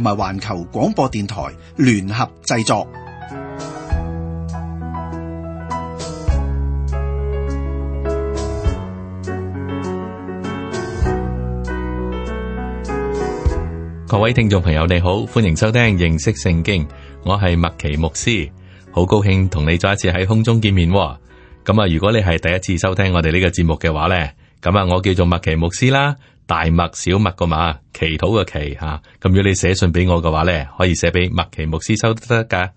同埋環球廣播電台聯合製作。各位聽眾朋友，你好，歡迎收聽認識聖經，我係麥奇牧師，好高興同你再一次喺空中見面。咁啊，如果你係第一次收聽我哋呢個節目嘅話咧，咁啊，我叫做麥奇牧師啦。大麥、小麥個麥，祈禱個祈吓，咁、啊、如果你寫信俾我嘅話咧，可以寫俾麥奇牧師收都得㗎。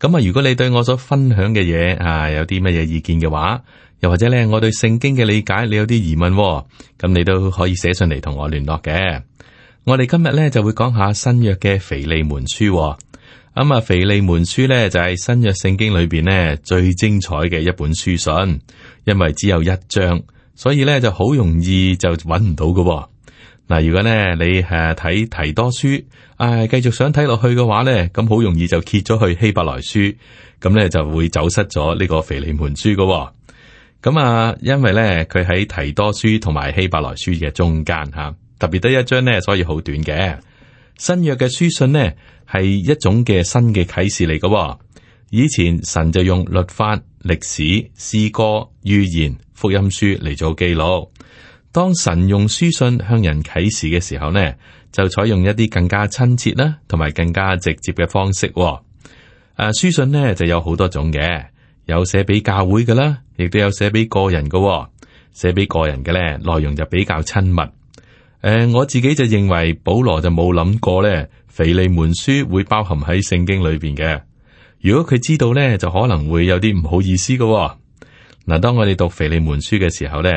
咁啊，如果你對我所分享嘅嘢啊有啲乜嘢意見嘅話，又或者咧我對聖經嘅理解你有啲疑問、哦，咁你都可以寫信嚟同我聯絡嘅。我哋今日咧就會講下新約嘅腓利門書、哦。咁、嗯、啊，腓利門書咧就係、是、新約聖經裏邊呢最精彩嘅一本書信，因為只有一章。所以咧就好容易就揾唔到噶、哦，嗱如果咧你係、啊、睇提多書，唉、啊、繼續想睇落去嘅話咧，咁好容易就揭咗去希伯來書，咁咧就會走失咗呢個腓利門書噶、哦，咁啊因為咧佢喺提多書同埋希伯來書嘅中間吓，特別得一章咧，所以好短嘅新約嘅書信咧係一種嘅新嘅啟示嚟噶、哦，以前神就用律法、歷史、詩歌、預言、福音書嚟做記錄。當神用書信向人啟示嘅時候呢，就採用一啲更加親切啦，同埋更加直接嘅方式。誒，書信呢就有好多種嘅，有寫俾教會嘅啦，亦都有寫俾個人嘅。寫俾個人嘅咧，內容就比較親密。誒、呃，我自己就認為保羅就冇諗過咧，腓利門書會包含喺聖經裏邊嘅。如果佢知道呢，就可能會有啲唔好意思噶。嗱，當我哋讀腓利門書嘅時候呢，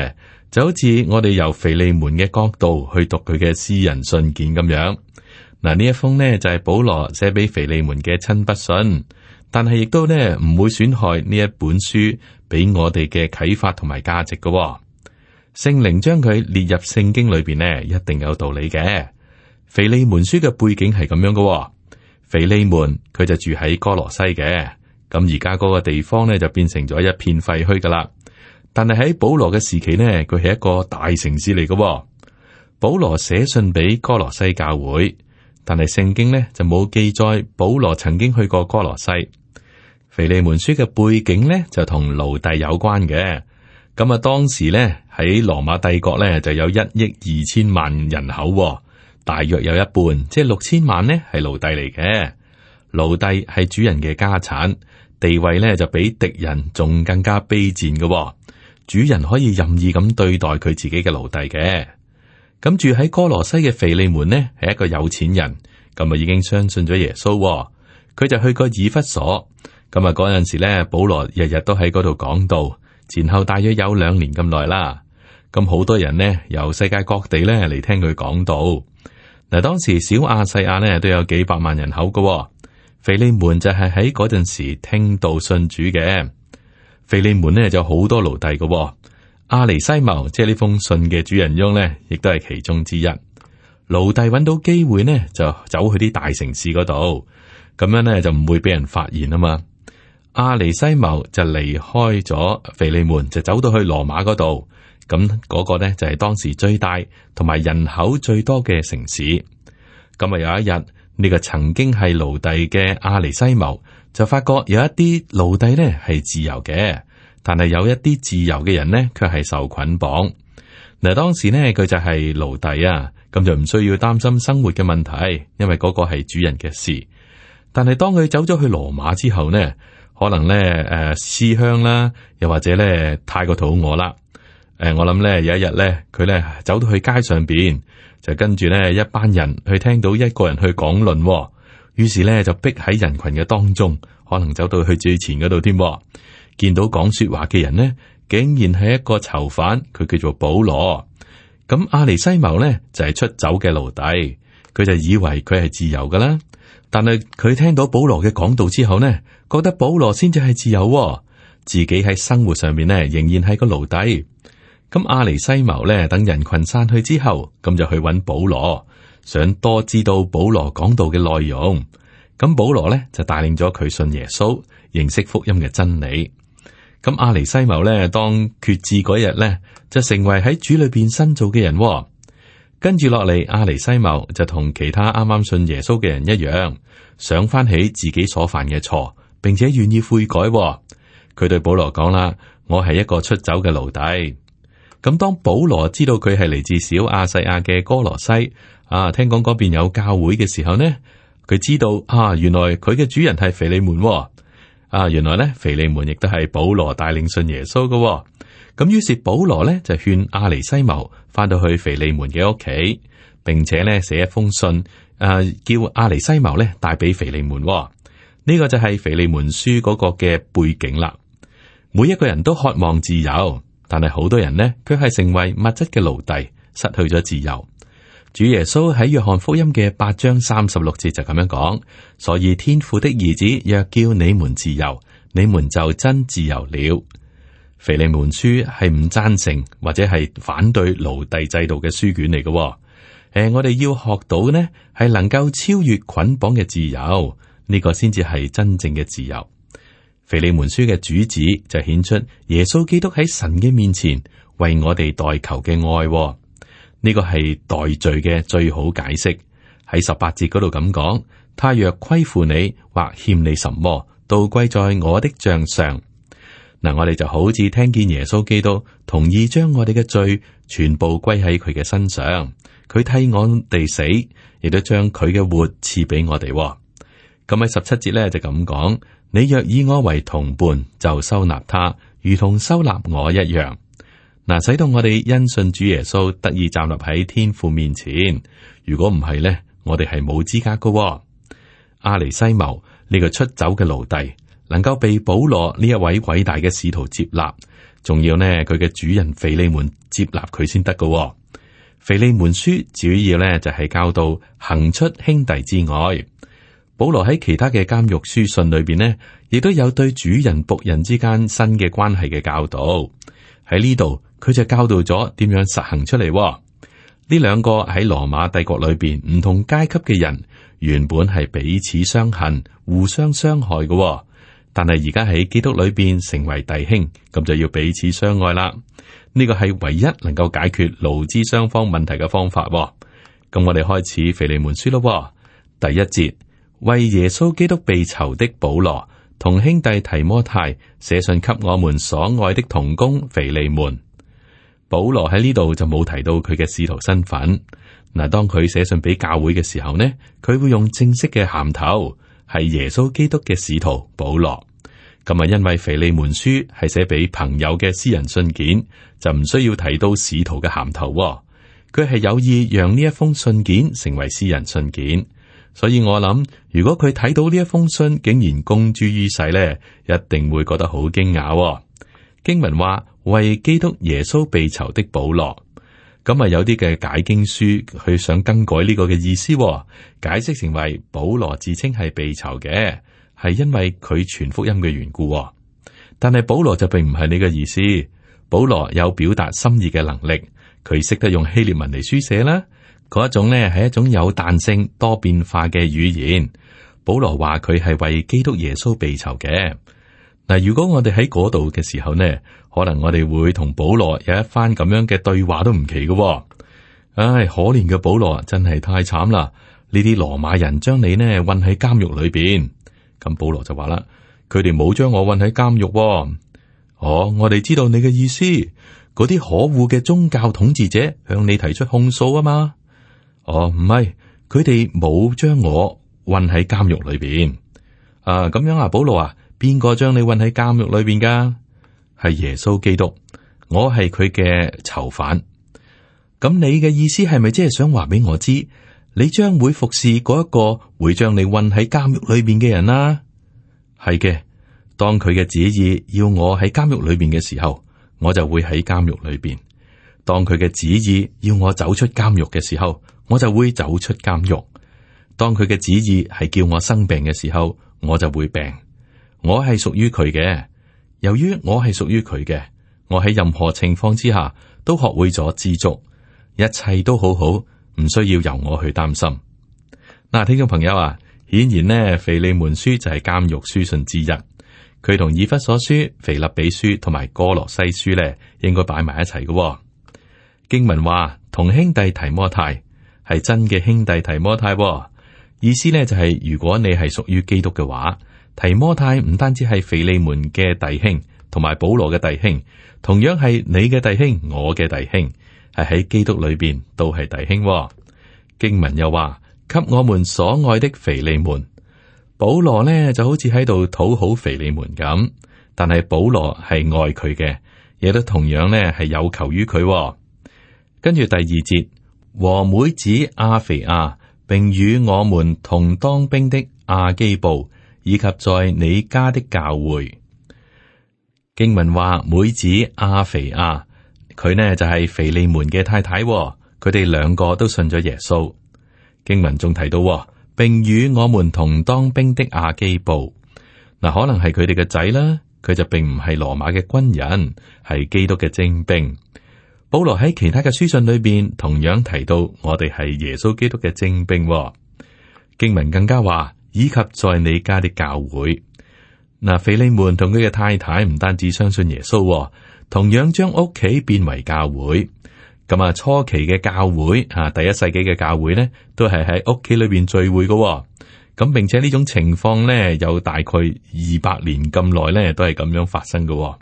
就好似我哋由腓利門嘅角度去讀佢嘅私人信件咁樣。嗱，呢一封呢，就係保羅寫俾腓利門嘅親筆信，但係亦都呢，唔會損害呢一本書俾我哋嘅啟發同埋價值㗎喎。聖靈將佢列入聖經裏邊呢，一定有道理嘅。腓利門書嘅背景係咁樣㗎喎。腓利門佢就住喺哥羅西嘅，咁而家嗰個地方咧就變成咗一片廢墟噶啦。但係喺保羅嘅時期呢，佢係一個大城市嚟嘅。保羅寫信俾哥羅西教會，但係聖經呢，就冇記載保羅曾經去過哥羅西。腓利門書嘅背景呢，就同奴隸有關嘅。咁啊，當時呢，喺羅馬帝國呢，就有一億二千萬人口。大約有一半，即係六千萬呢，係奴隸嚟嘅。奴隸係主人嘅家產，地位呢就比敵人仲更加卑賤嘅、哦。主人可以任意咁對待佢自己嘅奴隸嘅。咁住喺哥羅西嘅腓利門呢，係一個有錢人，咁啊已經相信咗耶穌、哦。佢就去過以弗所，咁啊嗰陣時呢，保羅日日都喺嗰度講道，前後大約有兩年咁耐啦。咁好多人呢，由世界各地呢嚟聽佢講道。嗱，當時小亞細亞咧都有幾百萬人口噶，腓利門就係喺嗰陣時聽道信主嘅，腓利門咧就好多奴隸噶，阿尼西茂即係呢封信嘅主人翁咧，亦都係其中之一。奴隸搵到機會呢，就走去啲大城市嗰度，咁樣咧就唔會俾人發現啊嘛。阿尼西茂就離開咗腓利門，就走到去羅馬嗰度。咁嗰個呢，就係當時最大同埋人口最多嘅城市。咁啊，有一日呢，呢個曾經係奴隸嘅阿尼西母就發覺有一啲奴隸呢係自由嘅，但係有一啲自由嘅人呢，卻係受捆綁。嗱，當時呢佢就係奴隸啊，咁就唔需要擔心生活嘅問題，因為嗰個係主人嘅事。但係當佢走咗去羅馬之後呢，可能呢，誒思鄉啦，又或者呢，太過肚餓啦。誒，我諗咧有一日咧，佢咧走到去街上邊，就跟住咧一班人去聽到一個人去講論、哦，於是咧就逼喺人群嘅當中，可能走到去最前嗰度添，見到講說話嘅人呢，竟然係一個囚犯，佢叫做保羅。咁阿尼西謀咧就係、是、出走嘅奴隸，佢就以為佢係自由噶啦，但係佢聽到保羅嘅講道之後呢，覺得保羅先至係自由、哦，自己喺生活上面呢，仍然係個奴隸。咁阿尼西謀咧，等人群散去之後，咁就去揾保羅，想多知道保羅講道嘅內容。咁保羅咧就帶領咗佢信耶穌，認識福音嘅真理。咁阿尼西謀咧當決志嗰日咧，就成為喺主裏邊新造嘅人。跟住落嚟，阿尼西謀就同其他啱啱信耶穌嘅人一樣，想翻起自己所犯嘅錯，並且願意悔改。佢對保羅講啦，我係一個出走嘅奴隸。咁當保羅知道佢係嚟自小亞細亞嘅哥羅西，啊，聽講嗰邊有教會嘅時候呢，佢知道啊，原來佢嘅主人係腓利門、哦，啊，原來呢，腓利門亦都係保羅帶領信耶穌嘅、哦，咁於是保羅呢就勸阿尼西謀翻到去腓利門嘅屋企，並且呢寫一封信，誒、啊，叫阿尼西謀咧帶俾腓利門、哦，呢、這個就係腓利門書嗰個嘅背景啦。每一個人都渴望自由。但係好多人呢，佢係成為物質嘅奴隸，失去咗自由。主耶穌喺約翰福音嘅八章三十六節就咁樣講，所以天父的兒子若叫你們自由，你們就真自由了。腓利門書係唔贊成或者係反對奴隸制度嘅書卷嚟嘅。、哦。誒、呃，我哋要學到呢，係能夠超越捆綁嘅自由，呢、呢個先至係真正嘅自由。腓利門書嘅主旨就顯出耶穌基督喺神嘅面前為我哋代求嘅愛、哦，呢個係代罪嘅最好解釋。喺十八節嗰度咁講，他若虧負你或欠你什麼，倒歸在我的賬上。嗱，我哋就好似聽見耶穌基督同意將我哋嘅罪全部歸喺佢嘅身上，佢替我哋死，亦都將佢嘅活賜俾我哋、哦。咁喺十七節咧就咁講。你若以我為同伴，就收納他，如同收納我一樣。嗱，使到我哋因信主耶穌得以站立喺天父面前。如果唔係咧，我哋係冇資格嘅、哦。阿尼西謀呢、這個出走嘅奴隸，能夠被保羅呢一位偉大嘅使徒接納，仲要呢佢嘅主人腓利門接納佢先得嘅。腓利門書主要咧就係教導行出兄弟之外。保羅喺其他嘅監獄書信裏邊呢，亦都有對主人僕人之間新嘅關係嘅教導。喺呢度佢就教導咗點樣實行出嚟，哦。呢兩個喺羅馬帝國裏邊唔同階級嘅人，原本係彼此相恨、互相傷害嘅，哦。但係而家喺基督裏邊成為弟兄，咁就要彼此相愛啦。呢個係唯一能夠解決勞資雙方問題嘅方法，哦。咁我哋開始《腓利門書》咯，哦，第一節。為耶穌基督被囚的保羅同兄弟提摩太寫信給我們所愛的同工腓利門。保羅喺呢度就冇提到佢嘅使徒身份。嗱，當佢寫信俾教會嘅時候呢，佢會用正式嘅銜頭，係耶穌基督嘅使徒保羅。咁啊，因為腓利門書係寫俾朋友嘅私人信件，就唔需要提到使徒嘅銜頭。佢係有意讓呢一封信件成為私人信件。所以我諗，如果佢睇到呢一封信竟然公諸於世呢，一定會覺得好驚訝。經文話為基督耶穌被囚的保羅，咁啊有啲嘅解經書去想更改呢個嘅意思，解釋成為保羅自稱係被囚嘅，係因為佢傳福音嘅緣故。但係保羅就並唔係你嘅意思。保羅有表達心意嘅能力，佢識得用希列文嚟書寫啦。嗰一種咧，係一種有彈性、多變化嘅語言。保羅話佢係為基督耶穌被囚嘅嗱。如果我哋喺嗰度嘅時候呢，可能我哋會同保羅有一番咁樣嘅對話都唔奇嘅。唉，可憐嘅保羅真係太慘啦！呢啲羅馬人將你呢困喺監獄裏邊，咁保羅就話啦：，佢哋冇將我困喺監獄。哦，我哋知道你嘅意思，嗰啲可惡嘅宗教統治者向你提出控訴啊嘛。哦，唔係，佢哋冇將我韞喺監獄裏邊啊。咁樣啊，保羅啊，邊個將你韞喺監獄裏邊噶？係耶穌基督，我係佢嘅囚犯。咁你嘅意思係咪即係想話俾我知，你將會服侍嗰一個會將你韞喺監獄裏邊嘅人啦？係嘅，當佢嘅旨意要我喺監獄裏邊嘅時候，我就會喺監獄裏邊；當佢嘅旨意要我走出監獄嘅時候，我就會走出監獄。當佢嘅旨意係叫我生病嘅時候，我就會病。我係屬於佢嘅。由於我係屬於佢嘅，我喺任何情況之下都學會咗知足，一切都好好，唔需要由我去擔心。嗱、啊，聽眾朋友啊，顯然呢，腓利門書就係監獄書信之一。佢同以弗所書、腓立比書同埋哥羅西書呢，應該擺埋一齊嘅、哦。經文話同兄弟提摩太。係真嘅兄弟提摩太、哦，意思呢，就係、是、如果你係屬於基督嘅話，提摩太唔單止係腓利門嘅弟兄，同埋保羅嘅弟兄，同樣係你嘅弟兄，我嘅弟兄，係喺基督裏邊都係弟兄、哦。經文又話，給我們所愛的腓利門，保羅呢就好似喺度討好腓利門咁，但係保羅係愛佢嘅，亦都同樣呢係有求於佢、哦。跟住第二節。和妹子阿肥亞，並與我們同當兵的阿基布，以及在你家的教會。經文話，妹子阿肥亞，佢呢就係、是、腓利門嘅太太，佢哋兩個都信咗耶穌。經文仲提到，並與我們同當兵的阿基布，嗱，可能係佢哋嘅仔啦，佢就並唔係羅馬嘅軍人，係基督嘅精兵。保羅喺其他嘅書信裏邊同樣提到，我哋係耶穌基督嘅精兵喎。經文更加話，以及在你家的教會。嗱，腓利門同佢嘅太太唔單止相信耶穌喎，同樣將屋企變為教會。咁啊，初期嘅教會啊，第一世紀嘅教會呢，都係喺屋企裏邊聚會嘅喎。咁並且呢種情況呢，有大概二百年咁耐呢，都係咁樣發生嘅喎。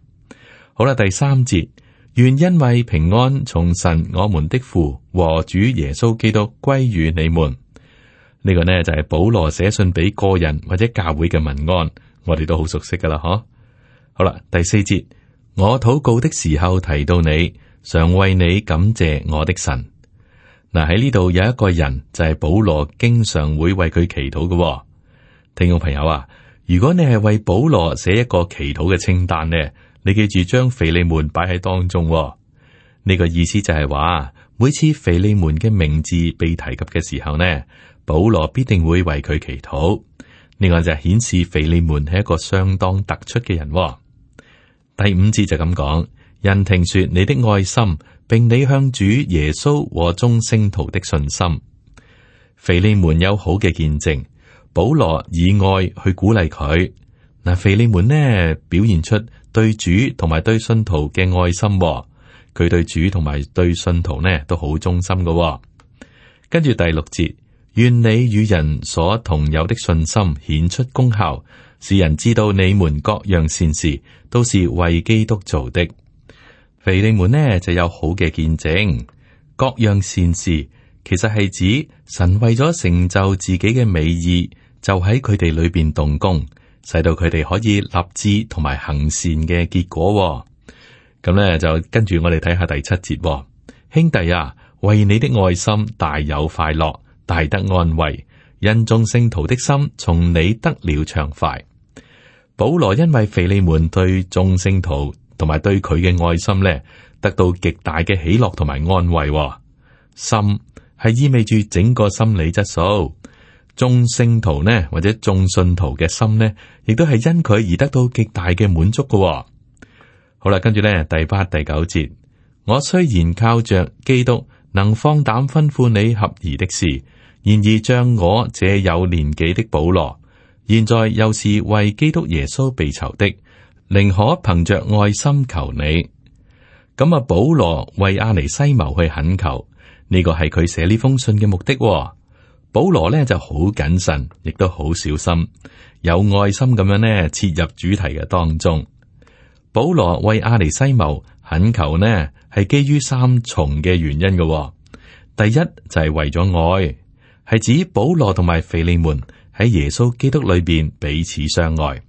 好啦，第三節。願因為平安從神我們的父和主耶穌基督歸於你們。呢、這個呢就係、是、保羅寫信俾個人或者教會嘅文案，我哋都好熟悉噶啦。嗬，好啦，第四節，我禱告的時候提到你，常為你感謝我的神。嗱喺呢度有一個人就係保羅，經常會為佢祈禱嘅、哦。聽眾朋友啊，如果你係為保羅寫一個祈禱嘅清單呢？你記住將腓利門擺喺當中呢，哦，這個意思就係話，每次腓利門嘅名字被提及嘅時候呢，保羅必定會為佢祈禱。呢個就係顯示腓利門係一個相當突出嘅人，哦。第五節就咁講，人聽說你的愛心，並你向主耶穌和眾聖徒的信心。腓利門有好嘅見證，保羅以愛去鼓勵佢。嗱，腓利門呢表現出。對主同埋對信徒嘅愛心、哦，佢對主同埋對信徒呢都好忠心噶、哦。跟住第六節，願你與人所同有的信心顯出功效，使人知道你們各樣善事都是為基督做的。腓利門呢就有好嘅見證，各樣善事其實係指神為咗成就自己嘅美意，就喺佢哋裏邊動工。使到佢哋可以立志同埋行善嘅結果、哦，咁咧就跟住我哋睇下第七節、哦。兄弟啊，為你的愛心大有快樂，大得安慰，因眾聖徒的心從你得了暢快。保羅因為腓利門對眾聖徒同埋對佢嘅愛心咧，得到極大嘅喜樂同埋安慰、哦。心，係意味住整個心理質素。眾聖徒呢，或者眾信徒嘅心呢，亦都係因佢而得到極大嘅滿足嘅、哦。好啦，跟住呢，第八、第九節，我雖然靠着基督能放膽吩咐你合宜的事，然而像我這有年紀的保羅，現在又是為基督耶穌被囚的，寧可憑着愛心求你。咁啊，保羅為阿尼西謀去懇求，呢、這個係佢寫呢封信嘅目的、哦。保羅咧就好謹慎，亦都好小心，有愛心咁樣咧切入主題嘅當中。保羅為阿尼西謀懇求呢，係基於三重嘅原因嘅、哦。第一就係、是、為咗愛，係指保羅同埋腓利門喺耶穌基督裏邊彼此相愛。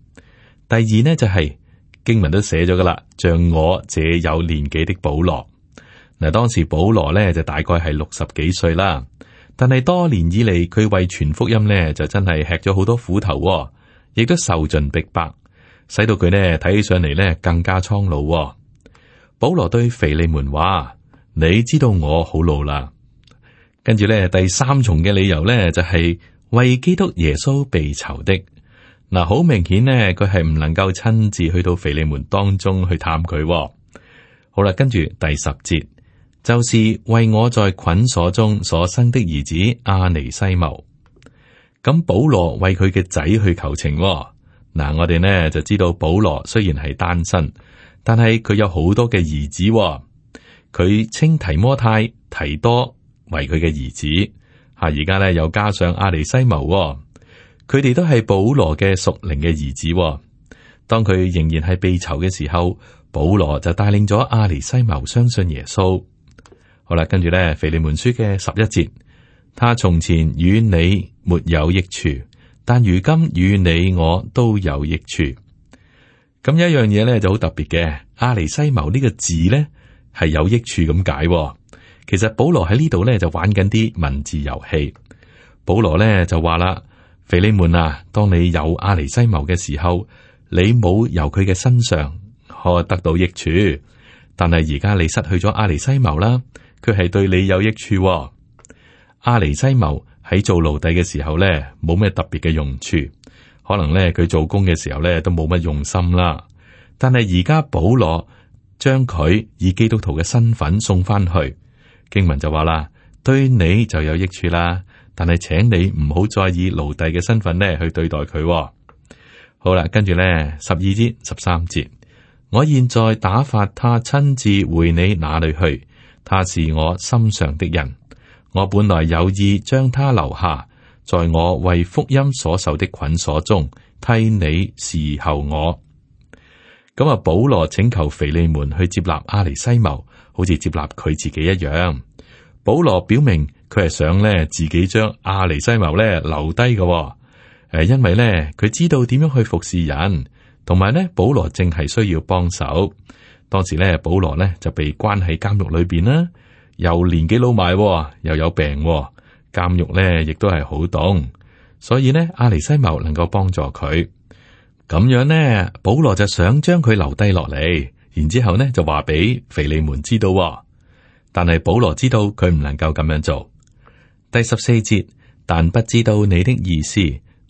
第二呢就係、是、經文都寫咗噶啦，像我這有年紀的保羅，嗱，當時保羅呢就大概係六十幾歲啦。但係多年以嚟，佢為傳福音呢，就真係吃咗好多苦頭、哦，亦都受盡逼迫白，使到佢呢睇起上嚟呢更加蒼老、哦。保羅對腓利門話：你知道我好老啦。跟住呢，第三重嘅理由呢，就係、是、為基督耶穌被囚的。嗱、啊，好明顯呢，佢係唔能夠親自去到腓利門當中去探佢。好啦，跟住第十節。就是為我在捆鎖中所生的兒子阿尼西牟，咁保羅為佢嘅仔去求情、哦。嗱，我哋呢就知道保羅雖然係單身，但係佢有好多嘅兒子、哦。佢稱提摩太、提多為佢嘅兒子，吓而家呢又加上阿尼西牟、哦，佢哋都係保羅嘅屬靈嘅兒子、哦。當佢仍然係被囚嘅時候，保羅就帶領咗阿尼西牟相信耶穌。好啦，跟住咧，腓利門書嘅十一節，他從前與你沒有益處，但如今與你我都有益處。咁有一樣嘢咧就好特別嘅，阿利西謀呢個字咧係有益處咁解、哦。其實保羅喺呢度咧就玩緊啲文字遊戲。保羅咧就話啦，腓利門啊，當你有阿利西謀嘅時候，你冇由佢嘅身上可得到益處，但係而家你失去咗阿利西謀啦。佢係對你有益處、哦。阿尼西謀喺做奴隸嘅時候咧，冇咩特別嘅用處，可能咧佢做工嘅時候咧都冇乜用心啦。但係而家保羅將佢以基督徒嘅身份送翻去，經文就話啦，對你就有益處啦。但係請你唔好再以奴隸嘅身份咧去對待佢、哦。好啦，跟住咧十二節、十三節，我現在打發他親自回你那裏去。他是我心上的人，我本來有意將他留下，在我為福音所受的捆鎖中替你侍候我。咁啊，保羅請求腓利門去接納阿尼西謀，好似接納佢自己一樣。保羅表明佢係想咧自己將阿尼西謀咧留低嘅，誒，因為咧佢知道點樣去服侍人，同埋咧保羅正係需要幫手。當時咧，保羅呢就被關喺監獄裏邊啦，又年紀老邁，哦，又有病，哦，監獄呢亦都係好凍，所以呢，阿尼西茂能夠幫助佢，咁樣呢，保羅就想將佢留低落嚟，然之後咧就話俾腓利門知道，哦，但係保羅知道佢唔能夠咁樣做。第十四節，但不知道你的意思，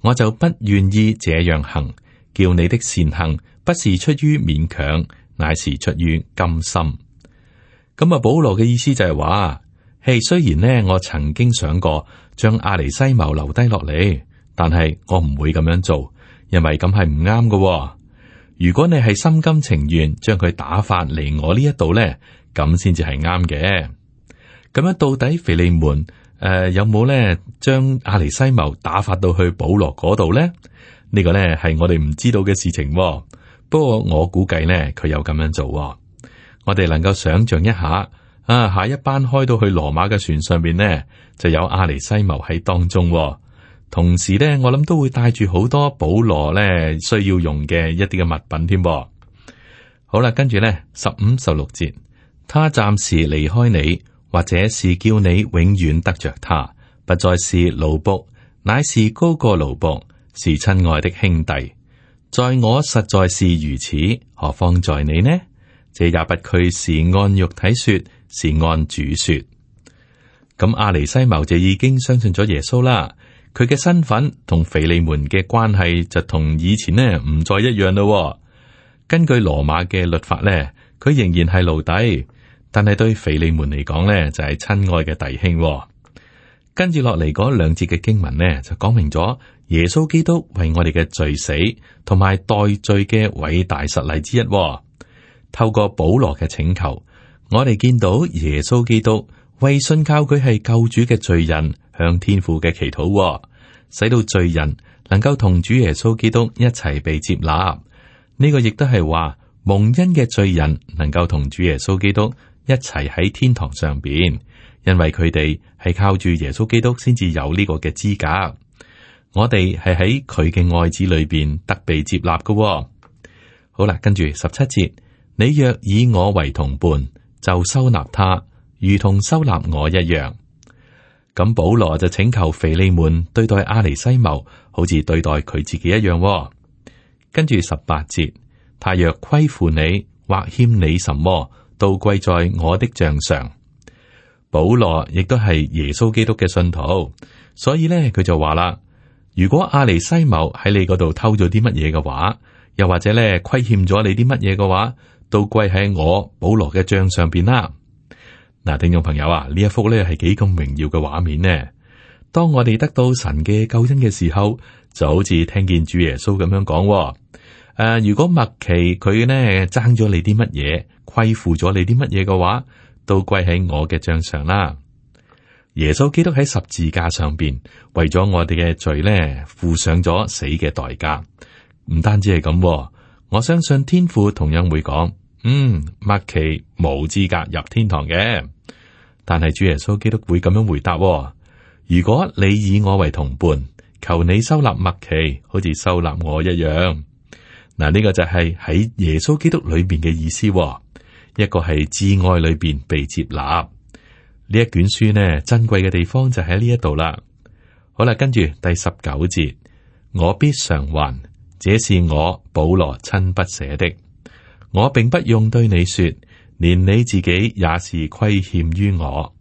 我就不願意這樣行，叫你的善行不是出於勉強。乃是出於甘心，咁啊保羅嘅意思就係話，係雖然呢，我曾經想過將阿尼西謀留低落嚟，但係我唔會咁樣做，因為咁係唔啱嘅。如果你係心甘情願將佢打發嚟我呢一度呢，咁先至係啱嘅。咁樣到底腓利門誒、呃、有冇呢？將阿尼西謀打發到去保羅嗰度呢？呢個呢，係我哋唔知道嘅事情。不過我估計呢，佢有咁樣做。哦，我哋能夠想象一下，啊，下一班開到去羅馬嘅船上邊呢，就有阿尼西母喺當中。哦，同時呢，我諗都會帶住好多保羅呢需要用嘅一啲嘅物品添。好啦，跟住呢，十五、十六節，他暫時離開你，或者是叫你永遠得着他，不再是奴僕，乃是高過奴僕，是親愛的兄弟。在我實在是如此，何況在你呢？這也不拘是按肉體說，是按主說。咁阿尼西母就已經相信咗耶穌啦。佢嘅身份同腓利門嘅關係就同以前呢唔再一樣咯。根據羅馬嘅律法呢，佢仍然係奴隸，但係對腓利門嚟講呢，就係親愛嘅弟兄。跟住落嚟嗰兩節嘅經文呢，就講明咗。耶穌基督為我哋嘅罪死，同埋代罪嘅偉大實例之一。透過保羅嘅請求，我哋見到耶穌基督為信靠佢係救主嘅罪人向天父嘅祈禱，使到罪人能夠同主耶穌基督一齊被接納。呢、這個亦都係話蒙恩嘅罪人能夠同主耶穌基督一齊喺天堂上邊，因為佢哋係靠住耶穌基督先至有呢個嘅資格。我哋係喺佢嘅愛子裏邊得被接納嘅、哦。好啦，跟住十七節，你若以我為同伴，就收納他，如同收納我一樣。咁、嗯、保羅就請求腓利門對待阿尼西謀，好似對待佢自己一樣、哦。跟住十八節，他若虧負你或欠你什麼，都歸在我的賬上。保羅亦都係耶穌基督嘅信徒，所以呢，佢就話啦。如果阿尼西母喺你嗰度偷咗啲乜嘢嘅話，又或者咧虧欠咗你啲乜嘢嘅話，都歸喺我保羅嘅賬上邊啦。嗱、啊，聽眾朋友啊，呢一幅咧係幾咁榮耀嘅畫面呢？當我哋得到神嘅救恩嘅時候，就好似聽見主耶穌咁樣講、哦：誒、啊，如果麥奇佢咧爭咗你啲乜嘢，虧負咗你啲乜嘢嘅話，都歸喺我嘅賬上啦。耶穌基督喺十字架上邊，為咗我哋嘅罪呢，付上咗死嘅代價。唔單止係咁、喎，我相信天父同樣會講：，嗯，麥奇冇資格入天堂嘅。但係主耶穌基督會咁樣回答、哦：，如果你以我為同伴，求你收納麥奇，好似收納我一樣。嗱，呢個就係喺耶穌基督裏邊嘅意思、喎。一個係至愛裏邊被接納。呢一卷書呢，珍貴嘅地方就喺呢一度啦，好啦，跟住第十九節，我必償還，這是我保羅親筆寫的，我並不用對你說，連你自己也是虧欠於我。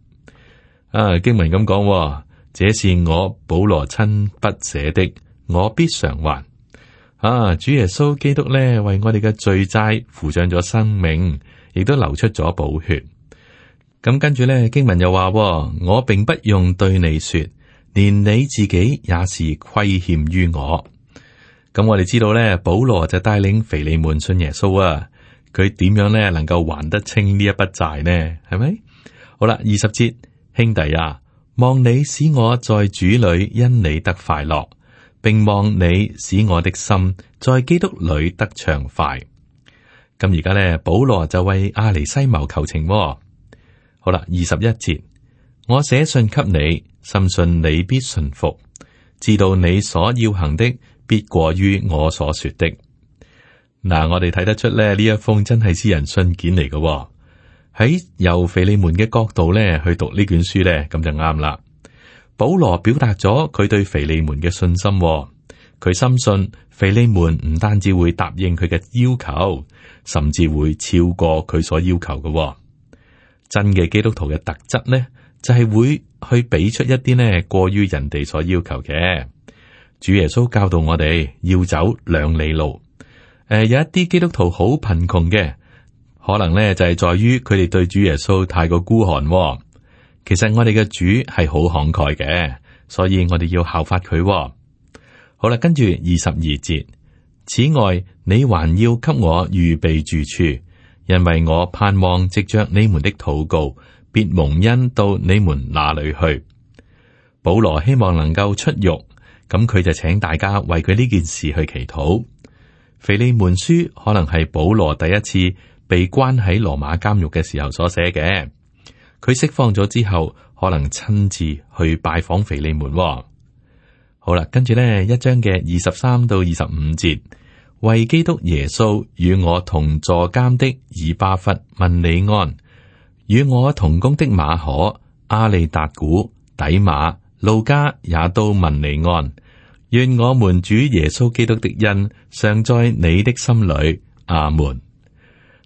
啊，經文咁講，這是我保羅親筆寫的，我必償還。啊，主耶穌基督呢，為我哋嘅罪債付上咗生命，亦都流出咗寶血。咁跟住咧，經文又話：我並不用對你說，連你自己也是虧欠於我。咁我哋知道咧，保羅就帶領腓利門信耶穌啊。佢點樣咧能夠還得清呢一筆債呢？係咪好啦？二十節，兄弟啊，望你使我在主裏因你得快樂，並望你使我的心在基督裏得暢快。咁而家咧，保羅就為阿尼西謀求情。好啦，二十一節，我寫信給你，深信你必順服，知道你所要行的，必過於我所說的。嗱、嗯，我哋睇得出咧，呢一封真係私人信件嚟嘅、哦。喺由腓利門嘅角度咧去讀呢卷書咧，咁就啱啦。保羅表達咗佢對腓利門嘅信心、哦，佢深信腓利門唔單止會答應佢嘅要求，甚至會超過佢所要求嘅、哦。真嘅基督徒嘅特質呢，就係、是、會去俾出一啲呢過於人哋所要求嘅。主耶穌教導我哋要走兩里路。誒、呃，有一啲基督徒好貧窮嘅，可能呢就係、是、在於佢哋對主耶穌太過孤寒、哦。其實我哋嘅主係好慷慨嘅，所以我哋要效法佢、哦。好啦，跟住二十二節，此外你還要給我預備住處。因為我盼望藉着你們的禱告，別蒙恩到你們那裡去。保羅希望能夠出獄，咁佢就請大家為佢呢件事去祈禱。腓利門書可能係保羅第一次被關喺羅馬監獄嘅時候所寫嘅。佢釋放咗之後，可能親自去拜訪腓利門、哦。好啦，跟住呢一章嘅二十三到二十五節。為基督耶穌與我同坐監的以巴弗問你安，與我同工的馬可、阿里達古、底馬、路加也都問你安。願我們主耶穌基督的恩常在你的心裏。阿門。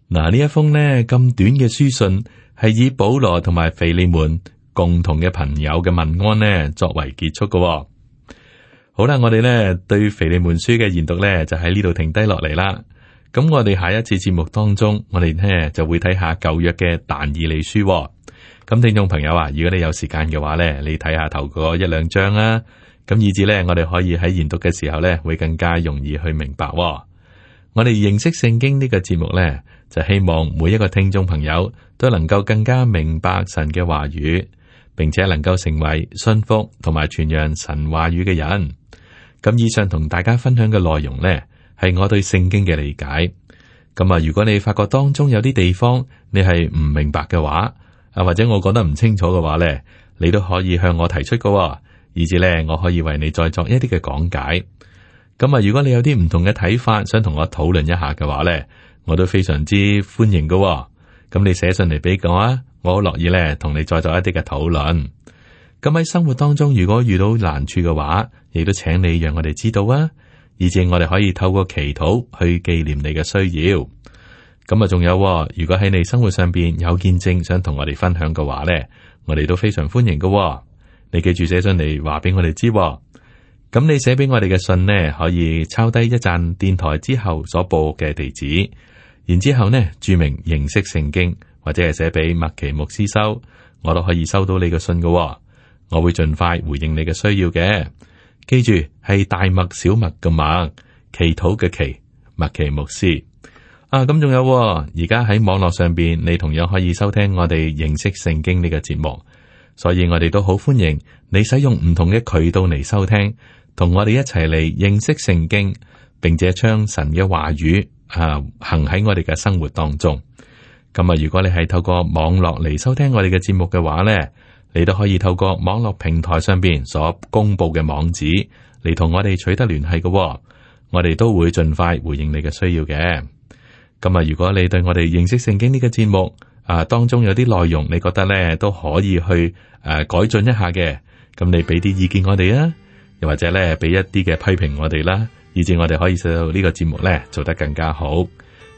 嗱，呢一封呢咁短嘅書信，係以保羅同埋腓利門共同嘅朋友嘅問安呢，作為結束嘅。好啦，我哋咧對《腓利門書》嘅研讀咧就喺呢度停低落嚟啦。咁我哋下一次節目當中，我哋咧就會睇下舊約嘅但以理書。咁聽眾朋友啊，如果你有時間嘅話咧，你睇下頭嗰一兩章啦。咁以至咧，我哋可以喺研讀嘅時候咧會更加容易去明白。我哋認識聖經呢、這個節目咧，就希望每一個聽眾朋友都能夠更加明白神嘅話語，並且能夠成為信服同埋傳揚神話語嘅人。咁以上同大家分享嘅內容呢，係我對聖經嘅理解。咁啊，如果你發覺當中有啲地方你係唔明白嘅話，啊或者我講得唔清楚嘅話呢，你都可以向我提出個，以至呢，我可以為你再作一啲嘅講解。咁啊，如果你有啲唔同嘅睇法，想同我討論一下嘅話呢，我都非常之歡迎嘅。咁你寫信嚟俾我啊，我好樂意咧同你再作一啲嘅討論。咁喺生活當中，如果遇到難處嘅話，亦都請你讓我哋知道啊，以至我哋可以透過祈禱去紀念你嘅需要。咁啊，仲有，哦，如果喺你生活上邊有見證，想同我哋分享嘅話咧，我哋都非常歡迎嘅，哦，你記住寫信嚟，話俾我哋知，哦。咁你寫俾我哋嘅信呢，可以抄低一陣電台之後所報嘅地址，然之後咧註明形式聖經或者係寫俾麥奇牧師收，我都可以收到你嘅信嘅，哦。我會盡快回應你嘅需要嘅，記住係大麥小麥嘅麥，祈禱嘅祈，麥奇牧師啊，咁仲有而家喺網絡上邊,你同樣可以收聽我哋認識聖經呢個節目，所以我哋都好歡迎你使用唔同嘅渠道嚟收聽，同我哋一齊嚟認識聖經，並且將神嘅話語啊行喺我哋嘅生活當中。咁啊，如果你係透過網絡嚟收聽我哋嘅節目嘅話呢。你都可以透過網絡平台上邊所公布嘅網址嚟同我哋取得聯繫嘅，我哋都會盡快回應你嘅需要嘅。咁、嗯、啊，如果你對我哋認識聖經呢、這個節目啊當中有啲內容你覺得呢都可以去誒、啊、改進一下嘅，咁你俾啲意見我哋啊，又或者呢俾一啲嘅批評我哋啦，以至我哋可以做到呢個節目呢做得更加好。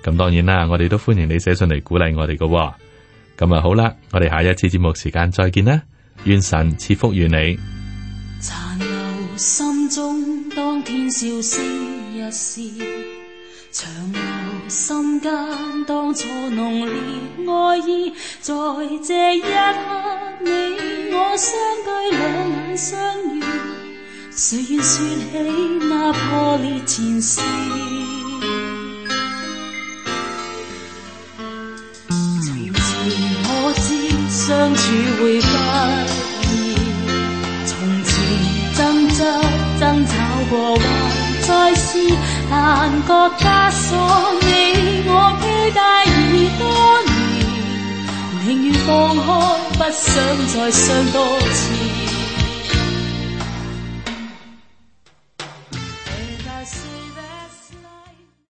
咁當然啦，我哋都歡迎你寫信嚟鼓勵我哋嘅、哦。咁啊，好啦，我哋下一次節目時間再見啦，願神賜福於你。殘留心中當天笑聲一絲，長留心間，當初濃烈愛意，在這一刻，你我相對兩眼相遇，誰願說起那破裂前事。相處會不易，從前爭執爭吵過，還在試，但各枷鎖你我期待已多年，寧願放開，不想再傷多次。